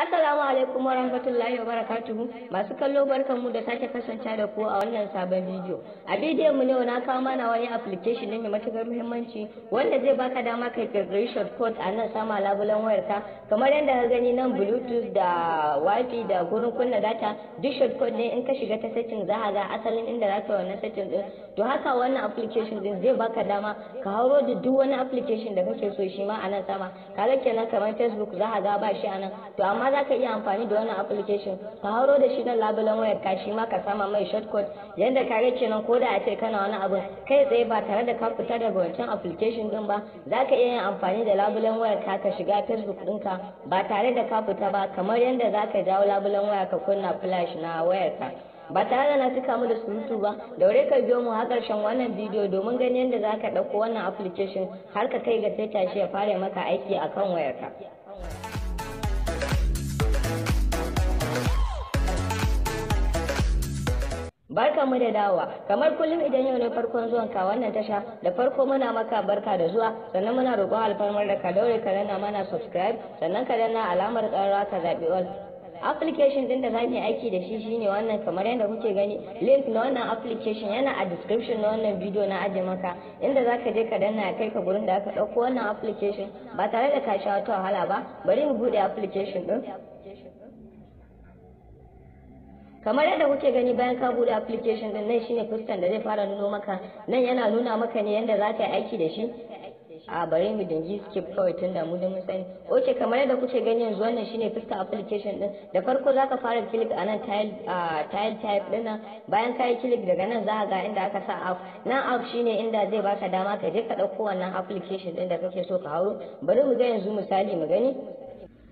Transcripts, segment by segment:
Assalamu alaikum wa rahmatullahi wa barakatuhu masu kallo barkanmu da sake kasance da ku a wannan sabon bidiyo. A bidiyon mu ne na kawo mana wani application ne mai matukar muhimmanci wanda zai baka dama kai kirkiri code a nan sama labulan ka kamar yadda ka gani nan bluetooth da wifi da gurin kunna data duk code ne in ka shiga ta setting za ka ga asalin inda za ka wannan setting din to haka wannan application din zai baka dama ka hauro da duk wani application da kake so shi ma a nan sama kaga kenan kamar Facebook za ka ga ba shi a nan to amma za ka iya amfani da wannan application ka hauro da shi don labulan wayar ka shi ma ka sama mai shortcut yadda kare kenan ko da a ce kana wani abu kai tsaye ba tare da ka fita daga wancan application din ba za ka iya yin amfani da labulan wayar ka ka shiga facebook ɗinka ba tare da ka fita ba kamar yadda za ka jawo labulan waya ka kunna flash na wayar ka ba tare da na cika mu da surutu ba daure ka biyo mu har karshen wannan bidiyo domin ganin yadda za ka ɗauko wannan application har ka kai ga sai tashi ya fara maka aiki akan wayarka. Barka mu da dawowa kamar kullum idan yau ne farkon zuwan ka wannan tasha da farko muna maka barka da zuwa sannan muna roƙon alfarmar da ka daure ka danna mana subscribe sannan ka danna alamar ƙararrawa ka zaɓi all application din da za mu yi aiki da shi shine wannan kamar yadda kuke gani link na wannan application yana a description na wannan video na ajiye maka inda za ka je ka danna kai ka gurin da aka ɗauko wannan application ba tare da ka sha wata wahala ba bari mu buɗe application ɗin. kamar yadda kuke gani bayan ka bude application din nan shine fuskan da zai fara nuno maka nan yana nuna maka ne yadda za ka yi aiki da shi a bari mu dingi skip kawai tun da mu da sani oke kamar yadda kuke gani yanzu wannan shine fuska application din da farko zaka fara click a tile tile type din nan bayan yi click daga nan za ga inda aka sa app nan app shine inda zai baka dama ka je ka dauko wannan application din da kake so ka hauro bari mu ga yanzu misali mu gani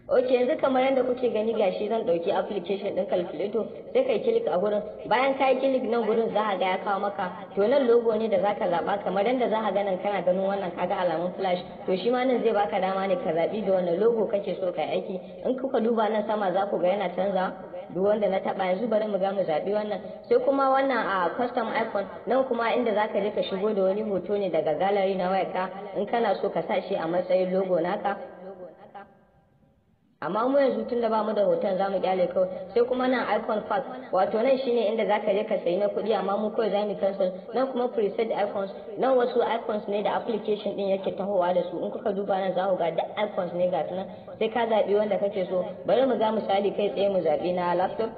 ok yanzu kamar yadda kuke gani gashi zan ɗauki application din calculator sai kai kilik a gurin bayan kai kilik nan gurin za ga ya kawo maka to nan logo ne da zaka zaba kamar yadda za ka nan kana ganin wannan kaga alamun flash to shi ma nan zai baka dama ne ka zabi da wannan logo kake so kai aiki in kuka duba nan sama za ku ga yana canza duk wanda na taba yanzu bari mu ga mu zabi wannan sai kuma wannan a ah, custom icon nan kuma inda zaka je ka shigo da wani hoto ne daga gallery na wayarka in kana so ka sa shi a matsayin logo naka amma mu yanzu tun da bamu da hoton za mu kyale kawai sai kuma nan icon park wato nan shine inda za ka je ka sayi na kuɗi amma mu kawai za mu cancel nan kuma preset icons nan wasu icons ne da application din yake tahowa da su in kuka duba nan za ku ga duk icons ne ga nan sai ka zaɓi wanda kake so bari mu ga misali kai tsaye mu zaɓi na laptop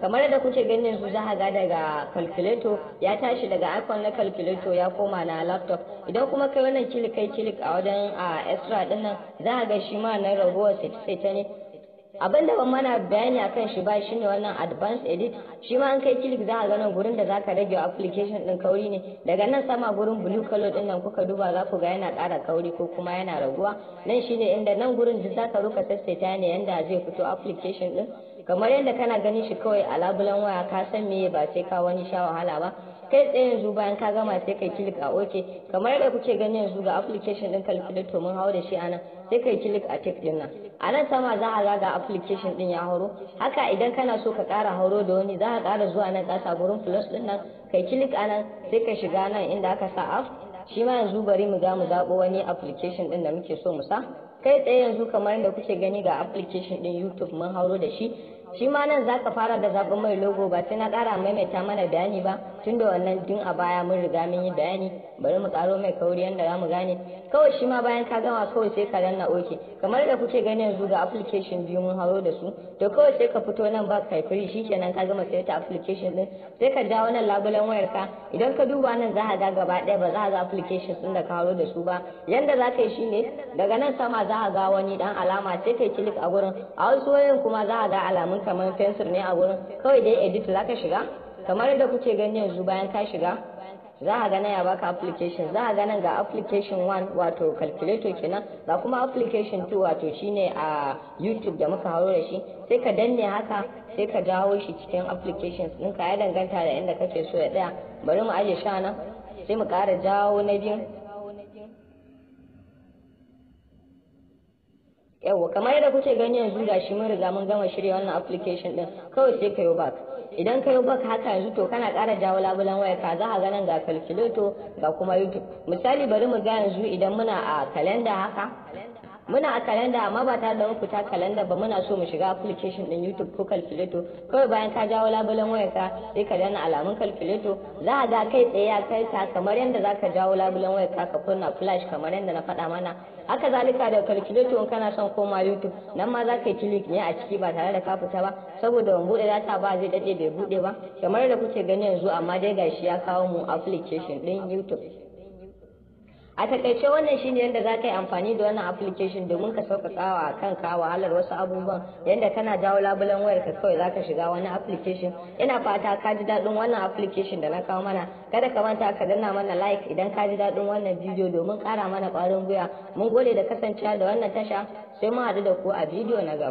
kamar da kuke ganin su za a ga daga calculator ya tashi daga iphone na calculator ya koma na laptop idan kuma kai wannan kilik kai kilik a wajen a extra dinnan nan za ga shi ma na raguwar set ne abin da ban mana bayani a kan shi ba shi ne wannan advanced edit shi ma an kai kilik za a gano gurin da za ka rage application din kauri ne daga nan sama gurin blue color din nan kuka duba za ku ga yana ƙara kauri ko kuma yana raguwa nan shi ne inda nan gurin duk za ka ruka sassaita ne yanda zai fito application din kamar yadda kana ganin shi kawai a labulen waya ka san meye ba sai ka wani sha wahala ba kai tsaye yanzu bayan ka gama sai kai click a ok kamar yadda kuke gani yanzu ga application din calculator mun hau da shi anan sai kai click a tick din nan a nan sama za a ga ga application din ya hauro haka idan kana so ka kara hauro da wani za ka kara zuwa nan kasa gurin plus din nan kai click anan sai ka shiga nan inda aka sa app shi ma yanzu bari mu ga mu zabo wani application din da muke so mu sa kai tsaye yanzu kamar da kuke gani ga application din YouTube mun hauro da shi shi ma nan za ka fara da zaɓin mai logo ba sai na ƙara maimaita mana bayani ba tunda wannan din a baya mun riga mun yi bayani bari mu karo mai kauri yadda za mu gane kawai shi ma bayan ka gama kawai sai ka danna oke kamar da kuke gani yanzu ga application biyu mun haro da su to kawai sai ka fito nan ba kai free kenan ka gama sai ta application din sai ka dawo nan labulan wayar ka idan ka duba nan za ka ga gaba ɗaya ba za a ga application din da ka haro da su ba yanda za ka yi shine daga nan sama za ka ga wani dan alama sai ka click a gurin a wasu wayoyin kuma za ka ga alamun kamar fensir ne a gurin kawai dai edit za ka shiga kamar da kuke gani yanzu bayan ka shiga za a gana ya baka application za a ganan ga application 1 wato calculator kenan ga kuma application 2 wato shine a youtube da muka haro da shi sai ka danne haka sai ka jawo shi cikin applications ɗinka ya danganta da inda kake so ya ɗaya bari mu ajiye sha nan sai mu ƙara jawo na biyu yawa kamar yadda kuke gani yanzu ga shi mun riga mun gama shirya wannan application din kawai sai ka yi back idan ka yi back haka yanzu to kana ƙara jawo labulan waya ka za a ga nan ga calculator ga kuma youtube misali bari mu ga yanzu idan muna a calendar haka muna a kalanda amma ba tare da mu fita kalanda ba muna so mu shiga application din YouTube ko calculator kawai bayan ka jawo labulen wayarka sai ka danna alamun calculator za a ga kai tsaye ya kai ta kamar yadda za ka jawo labulen wayarka ka kunna flash kamar yadda na faɗa mana haka zalika da calculator in kana son koma YouTube nan ma za ka yi click ne a ciki ba tare da ka fita ba saboda wan bude data ba zai dade bai bude ba kamar da kuke gani yanzu amma dai gashi ya kawo mu application din YouTube a takaice wannan shi ne yadda za ka yi amfani da wannan application domin ka sauƙaƙawa a kan ka wahalar wasu abubuwan yadda kana jawo labulan wayar ka kawai za ka shiga wani application ina fata ka ji daɗin wannan application da na kawo mana kada ka manta ka danna mana like idan ka ji daɗin wannan bidiyo domin ƙara mana ƙwarin gwiwa mun gode da kasancewa da wannan tasha sai mun haɗu da ku a bidiyo na gaba